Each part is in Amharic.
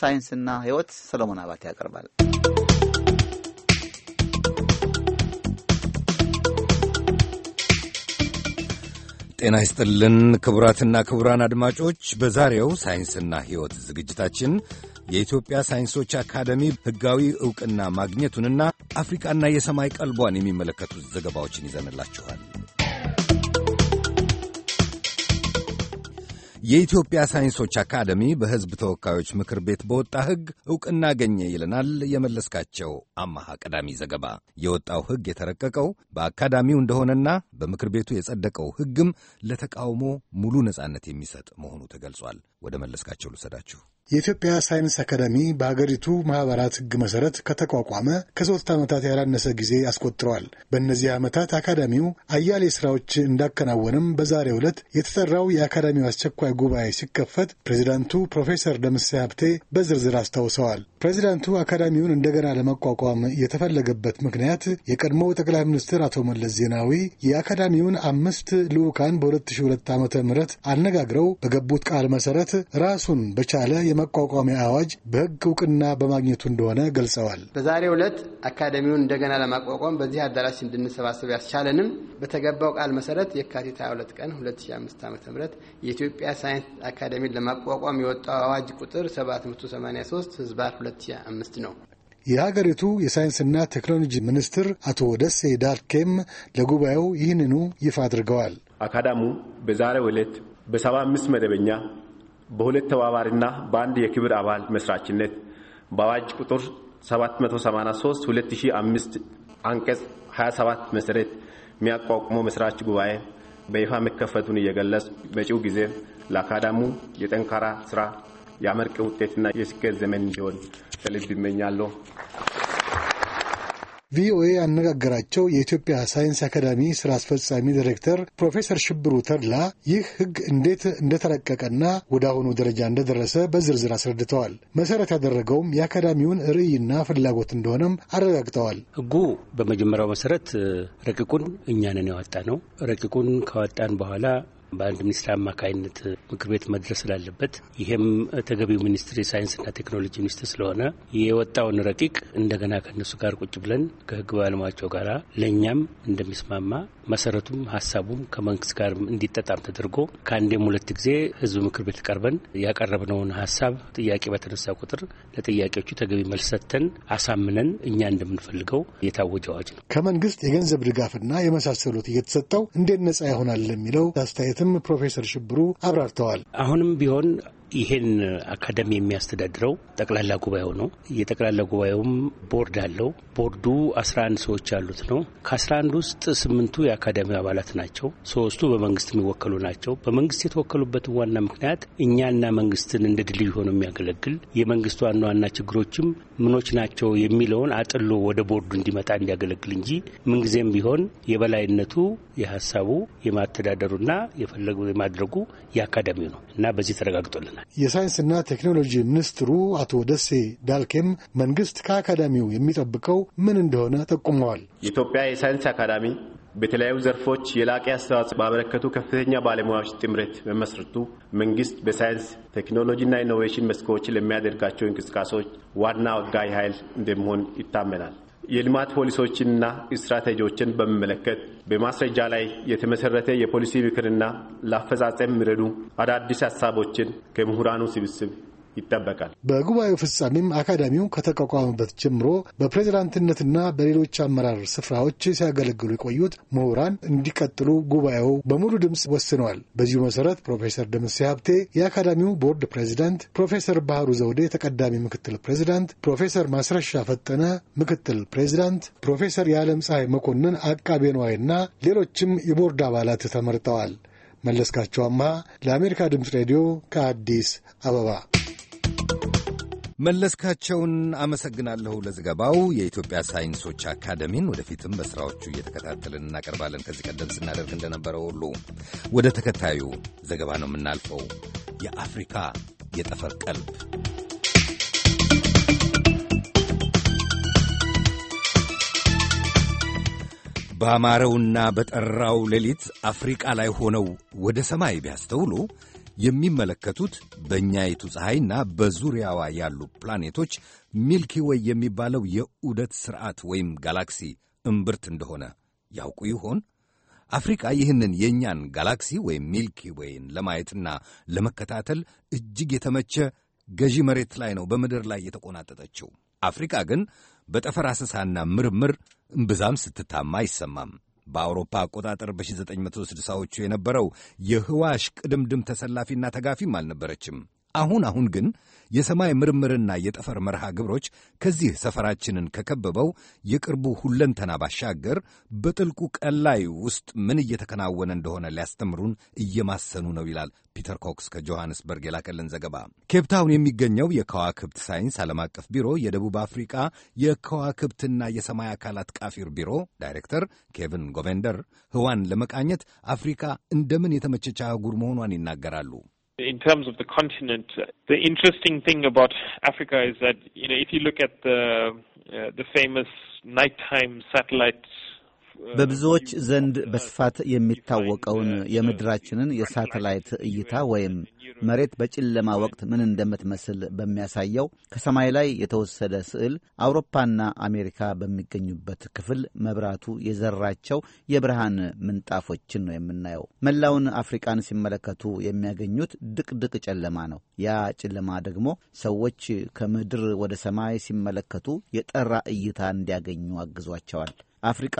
ሳይንስና ሕይወት ሰለሞን አባቴ ያቀርባል። ጤና ይስጥልን ክቡራትና ክቡራን አድማጮች በዛሬው ሳይንስና ሕይወት ዝግጅታችን የኢትዮጵያ ሳይንሶች አካደሚ ሕጋዊ ዕውቅና ማግኘቱንና አፍሪቃና የሰማይ ቀልቧን የሚመለከቱ ዘገባዎችን ይዘንላችኋል። የኢትዮጵያ ሳይንሶች አካደሚ በሕዝብ ተወካዮች ምክር ቤት በወጣ ሕግ ዕውቅና አገኘ ይለናል የመለስካቸው አማሃ ቀዳሚ ዘገባ። የወጣው ሕግ የተረቀቀው በአካዳሚው እንደሆነና በምክር ቤቱ የጸደቀው ሕግም ለተቃውሞ ሙሉ ነጻነት የሚሰጥ መሆኑ ተገልጿል። ወደ መለስካቸው ልውሰዳችሁ። የኢትዮጵያ ሳይንስ አካዳሚ በሀገሪቱ ማህበራት ህግ መሰረት ከተቋቋመ ከሶስት ዓመታት ያላነሰ ጊዜ አስቆጥረዋል። በእነዚህ ዓመታት አካዳሚው አያሌ ስራዎች እንዳከናወንም በዛሬው ዕለት የተጠራው የአካዳሚው አስቸኳይ ጉባኤ ሲከፈት ፕሬዚዳንቱ ፕሮፌሰር ደምሴ ሀብቴ በዝርዝር አስታውሰዋል። ፕሬዚዳንቱ አካዳሚውን እንደገና ለመቋቋም የተፈለገበት ምክንያት የቀድሞ ጠቅላይ ሚኒስትር አቶ መለስ ዜናዊ የአካዳሚውን አምስት ልዑካን በ2002 ዓ ም አነጋግረው በገቡት ቃል መሰረት ራሱን በቻለ የመቋቋሚያ አዋጅ በህግ እውቅና በማግኘቱ እንደሆነ ገልጸዋል። በዛሬው ዕለት አካዳሚውን እንደገና ለማቋቋም በዚህ አዳራሽ እንድንሰባሰብ ያስቻለንም በተገባው ቃል መሰረት የካቲት 22 ቀን 2005 ዓ ም የኢትዮጵያ ሳይንስ አካደሚን ለማቋቋም የወጣው አዋጅ ቁጥር 783 ህዝባር 2005 ነው። የሀገሪቱ የሳይንስና ቴክኖሎጂ ሚኒስትር አቶ ደሴ ዳርኬም ለጉባኤው ይህንኑ ይፋ አድርገዋል። አካዳሙ በዛሬው ዕለት በ75 መደበኛ በሁለት ተባባሪና በአንድ የክብር አባል መስራችነት በአዋጅ ቁጥር 783 2005 አንቀጽ 27 መሰረት የሚያቋቁመው መስራች ጉባኤ በይፋ መከፈቱን እየገለጽ መጪው ጊዜ ለአካዳሙ የጠንካራ ስራ የአመርቂ ውጤትና የስኬት ዘመን እንዲሆን ከልብ ይመኛለሁ። ቪኦኤ ያነጋገራቸው የኢትዮጵያ ሳይንስ አካዳሚ ስራ አስፈጻሚ ዲሬክተር ፕሮፌሰር ሽብሩ ተድላ ይህ ህግ እንዴት እንደተረቀቀና ወደ አሁኑ ደረጃ እንደደረሰ በዝርዝር አስረድተዋል። መሰረት ያደረገውም የአካዳሚውን ርዕይና ፍላጎት እንደሆነም አረጋግጠዋል። ህጉ በመጀመሪያው መሰረት ረቂቁን እኛንን ያወጣ ነው። ረቂቁን ካወጣን በኋላ በአንድ ሚኒስትር አማካይነት ምክር ቤት መድረስ ስላለበት ይሄም ተገቢው ሚኒስትር የሳይንስና ቴክኖሎጂ ሚኒስትር ስለሆነ የወጣውን ረቂቅ እንደገና ከእነሱ ጋር ቁጭ ብለን ከህግ ባለሙያቸው ጋር ለእኛም እንደሚስማማ መሰረቱም ሀሳቡም ከመንግስት ጋር እንዲጠጣም ተደርጎ ከአንዴም ሁለት ጊዜ ህዝብ ምክር ቤት ቀርበን ያቀረብነውን ሀሳብ ጥያቄ በተነሳ ቁጥር ለጥያቄዎቹ ተገቢ መልስ ሰጥተን አሳምነን እኛ እንደምንፈልገው የታወጀ አዋጅ ነው። ከመንግስት የገንዘብ ድጋፍና የመሳሰሉት እየተሰጠው እንዴት ነጻ ይሆናል ለሚለው አስተያየት ፕሮፌሰር ሽብሩ አብራርተዋል። አሁንም ቢሆን ይሄን አካዳሚ የሚያስተዳድረው ጠቅላላ ጉባኤው ነው። የጠቅላላ ጉባኤውም ቦርድ አለው። ቦርዱ 11 ሰዎች ያሉት ነው። ከ11 ውስጥ ስምንቱ የአካዳሚ አባላት ናቸው። ሶስቱ በመንግስት የሚወከሉ ናቸው። በመንግስት የተወከሉበትን ዋና ምክንያት እኛና መንግስትን እንደ ድልድይ ሆኖ የሚያገለግል የመንግስት ዋና ዋና ችግሮችም ምኖች ናቸው የሚለውን አጥሎ ወደ ቦርዱ እንዲመጣ እንዲያገለግል እንጂ ምንጊዜም ቢሆን የበላይነቱ የሀሳቡ የማተዳደሩና የፈለጉ የማድረጉ የአካዳሚው ነው እና በዚህ ተረጋግጦልናል። የሳይንስና ቴክኖሎጂ ሚኒስትሩ አቶ ደሴ ዳልኬም መንግስት ከአካዳሚው የሚጠብቀው ምን እንደሆነ ጠቁመዋል። የኢትዮጵያ የሳይንስ አካዳሚ በተለያዩ ዘርፎች የላቀ አስተዋጽኦ ባበረከቱ ከፍተኛ ባለሙያዎች ጥምረት መመስረቱ መንግስት በሳይንስ ቴክኖሎጂና ኢኖቬሽን መስኮች ለሚያደርጋቸው እንቅስቃሴዎች ዋና ወጋይ ኃይል እንደሚሆን ይታመናል። የልማት ፖሊሶችንና ስትራቴጂዎችን በሚመለከት በማስረጃ ላይ የተመሰረተ የፖሊሲ ምክርና ለአፈጻጸም የሚረዱ አዳዲስ ሀሳቦችን ከምሁራኑ ስብስብ ይጠበቃል። በጉባኤው ፍጻሜም አካዳሚው ከተቋቋመበት ጀምሮ በፕሬዝዳንትነትና በሌሎች አመራር ስፍራዎች ሲያገለግሉ የቆዩት ምሁራን እንዲቀጥሉ ጉባኤው በሙሉ ድምፅ ወስነዋል። በዚሁ መሰረት ፕሮፌሰር ደምሴ ሀብቴ የአካዳሚው ቦርድ ፕሬዚዳንት፣ ፕሮፌሰር ባህሩ ዘውዴ ተቀዳሚ ምክትል ፕሬዚዳንት፣ ፕሮፌሰር ማስረሻ ፈጠነ ምክትል ፕሬዚዳንት፣ ፕሮፌሰር የዓለም ፀሐይ መኮንን አቃቤ ነዋይና ሌሎችም የቦርድ አባላት ተመርጠዋል። መለስካቸው አማሃ ለአሜሪካ ድምፅ ሬዲዮ ከአዲስ አበባ መለስካቸውን አመሰግናለሁ ለዘገባው። የኢትዮጵያ ሳይንሶች አካደሚን ወደፊትም በሥራዎቹ እየተከታተልን እናቀርባለን ከዚህ ቀደም ስናደርግ እንደነበረው ሁሉ። ወደ ተከታዩ ዘገባ ነው የምናልፈው። የአፍሪካ የጠፈር ቀልብ በአማረውና በጠራው ሌሊት አፍሪቃ ላይ ሆነው ወደ ሰማይ ቢያስተውሉ የሚመለከቱት በእኛይቱ ፀሐይና በዙሪያዋ ያሉ ፕላኔቶች ሚልኪ ወይ የሚባለው የዑደት ሥርዓት ወይም ጋላክሲ እምብርት እንደሆነ ያውቁ ይሆን? አፍሪቃ ይህንን የእኛን ጋላክሲ ወይም ሚልኪ ወይን ለማየትና ለመከታተል እጅግ የተመቸ ገዢ መሬት ላይ ነው በምድር ላይ የተቆናጠጠችው። አፍሪቃ ግን በጠፈር አሰሳና ምርምር እምብዛም ስትታማ አይሰማም። በአውሮፓ አቆጣጠር በ1960ዎቹ የነበረው የህዋሽ ቅድምድም ተሰላፊና ተጋፊም አልነበረችም። አሁን አሁን ግን የሰማይ ምርምርና የጠፈር መርሃ ግብሮች ከዚህ ሰፈራችንን ከከበበው የቅርቡ ሁለንተና ባሻገር በጥልቁ ቀላይ ውስጥ ምን እየተከናወነ እንደሆነ ሊያስተምሩን እየማሰኑ ነው ይላል ፒተር ኮክስ ከጆሐንስበርግ የላከልን ዘገባ። ኬፕታውን የሚገኘው የከዋክብት ሳይንስ ዓለም አቀፍ ቢሮ የደቡብ አፍሪቃ የከዋክብትና የሰማይ አካላት ቃፊር ቢሮ ዳይሬክተር ኬቪን ጎቬንደር ህዋን ለመቃኘት አፍሪካ እንደምን የተመቸች አህጉር መሆኗን ይናገራሉ። in terms of the continent, the interesting thing about Africa is that you know if you look at the uh, the famous nighttime satellites. በብዙዎች ዘንድ በስፋት የሚታወቀውን የምድራችንን የሳተላይት እይታ ወይም መሬት በጨለማ ወቅት ምን እንደምትመስል በሚያሳየው ከሰማይ ላይ የተወሰደ ስዕል አውሮፓና አሜሪካ በሚገኙበት ክፍል መብራቱ የዘራቸው የብርሃን ምንጣፎችን ነው የምናየው። መላውን አፍሪቃን ሲመለከቱ የሚያገኙት ድቅድቅ ጨለማ ነው። ያ ጨለማ ደግሞ ሰዎች ከምድር ወደ ሰማይ ሲመለከቱ የጠራ እይታ እንዲያገኙ አግዟቸዋል። አፍሪቃ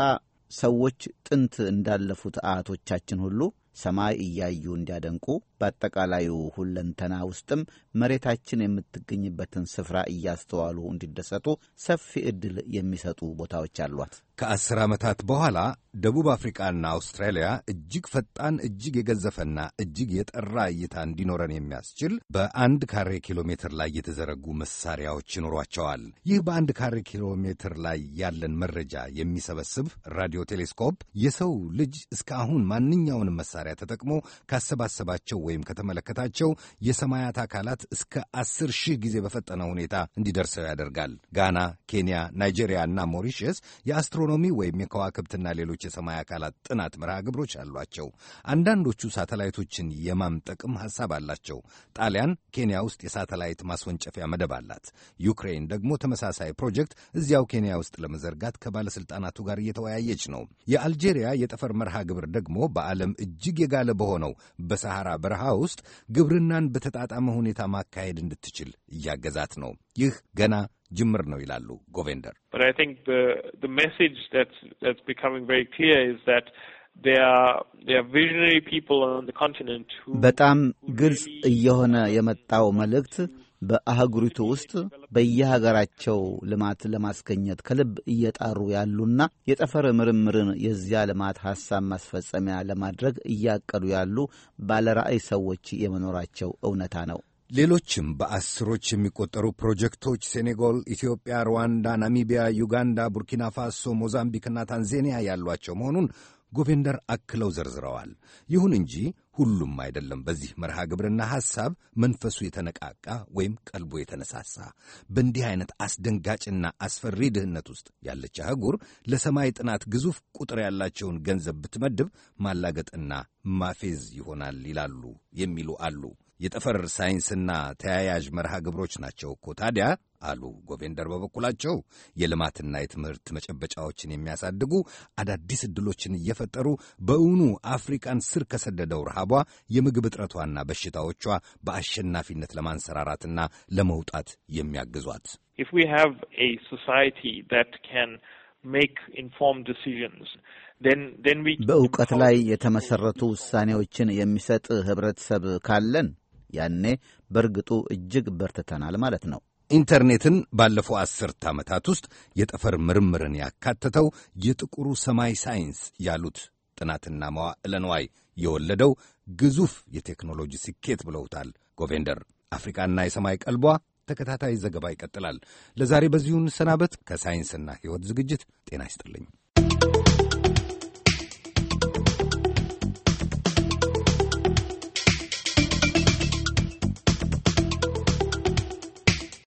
ሰዎች ጥንት እንዳለፉት አያቶቻችን ሁሉ ሰማይ እያዩ እንዲያደንቁ በአጠቃላዩ ሁለንተና ውስጥም መሬታችን የምትገኝበትን ስፍራ እያስተዋሉ እንዲደሰቱ ሰፊ ዕድል የሚሰጡ ቦታዎች አሏት። ከአስር ዓመታት በኋላ ደቡብ አፍሪቃና አውስትራሊያ እጅግ ፈጣን እጅግ የገዘፈና እጅግ የጠራ እይታ እንዲኖረን የሚያስችል በአንድ ካሬ ኪሎ ሜትር ላይ የተዘረጉ መሳሪያዎች ይኖሯቸዋል። ይህ በአንድ ካሬ ኪሎ ሜትር ላይ ያለን መረጃ የሚሰበስብ ራዲዮ ቴሌስኮፕ የሰው ልጅ እስከ አሁን ማንኛውንም መሳሪያ መሳሪያ ተጠቅሞ ካሰባሰባቸው ወይም ከተመለከታቸው የሰማያት አካላት እስከ አስር ሺህ ጊዜ በፈጠነ ሁኔታ እንዲደርሰው ያደርጋል። ጋና፣ ኬንያ፣ ናይጄሪያ እና ሞሪሽስ የአስትሮኖሚ ወይም የከዋክብትና ሌሎች የሰማይ አካላት ጥናት መርሃ ግብሮች አሏቸው። አንዳንዶቹ ሳተላይቶችን የማምጠቅም ሐሳብ አላቸው። ጣሊያን ኬንያ ውስጥ የሳተላይት ማስወንጨፊያ መደብ አላት። ዩክሬን ደግሞ ተመሳሳይ ፕሮጀክት እዚያው ኬንያ ውስጥ ለመዘርጋት ከባለሥልጣናቱ ጋር እየተወያየች ነው። የአልጄሪያ የጠፈር መርሃ ግብር ደግሞ በዓለም እጅግ እጅግ የጋለ በሆነው በሰሐራ በረሃ ውስጥ ግብርናን በተጣጣመ ሁኔታ ማካሄድ እንድትችል እያገዛት ነው። ይህ ገና ጅምር ነው ይላሉ ጎቬንደር። በጣም ግልጽ እየሆነ የመጣው መልእክት በአህጉሪቱ ውስጥ በየሀገራቸው ልማት ለማስገኘት ከልብ እየጣሩ ያሉና የጠፈር ምርምርን የዚያ ልማት ሐሳብ ማስፈጸሚያ ለማድረግ እያቀዱ ያሉ ባለራዕይ ሰዎች የመኖራቸው እውነታ ነው። ሌሎችም በአስሮች የሚቆጠሩ ፕሮጀክቶች ሴኔጋል፣ ኢትዮጵያ፣ ሩዋንዳ፣ ናሚቢያ፣ ዩጋንዳ፣ ቡርኪና ፋሶ፣ ሞዛምቢክና ታንዜኒያ ያሏቸው መሆኑን ጎቬንደር አክለው ዘርዝረዋል። ይሁን እንጂ ሁሉም አይደለም በዚህ መርሃ ግብርና ሐሳብ መንፈሱ የተነቃቃ ወይም ቀልቦ የተነሳሳ። በእንዲህ አይነት አስደንጋጭና አስፈሪ ድህነት ውስጥ ያለች አህጉር ለሰማይ ጥናት ግዙፍ ቁጥር ያላቸውን ገንዘብ ብትመድብ ማላገጥና ማፌዝ ይሆናል ይላሉ የሚሉ አሉ። የጠፈር ሳይንስና ተያያዥ መርሃ ግብሮች ናቸው እኮ ታዲያ አሉ ጎቬንደር በበኩላቸው የልማትና የትምህርት መጨበጫዎችን የሚያሳድጉ አዳዲስ ዕድሎችን እየፈጠሩ በእውኑ አፍሪቃን ስር ከሰደደው ረሃቧ የምግብ እጥረቷና በሽታዎቿ በአሸናፊነት ለማንሰራራትና ለመውጣት የሚያግዟት በእውቀት ላይ የተመሰረቱ ውሳኔዎችን የሚሰጥ ህብረተሰብ ካለን ያኔ በእርግጡ እጅግ በርትተናል ማለት ነው። ኢንተርኔትን ባለፈው አስርት ዓመታት ውስጥ የጠፈር ምርምርን ያካተተው የጥቁሩ ሰማይ ሳይንስ ያሉት ጥናትና መዋዕለ ንዋይ የወለደው ግዙፍ የቴክኖሎጂ ስኬት ብለውታል ጎቬንደር። አፍሪካና የሰማይ ቀልቧ ተከታታይ ዘገባ ይቀጥላል። ለዛሬ በዚሁ እንሰናበት። ከሳይንስና ሕይወት ዝግጅት ጤና ይስጥልኝ።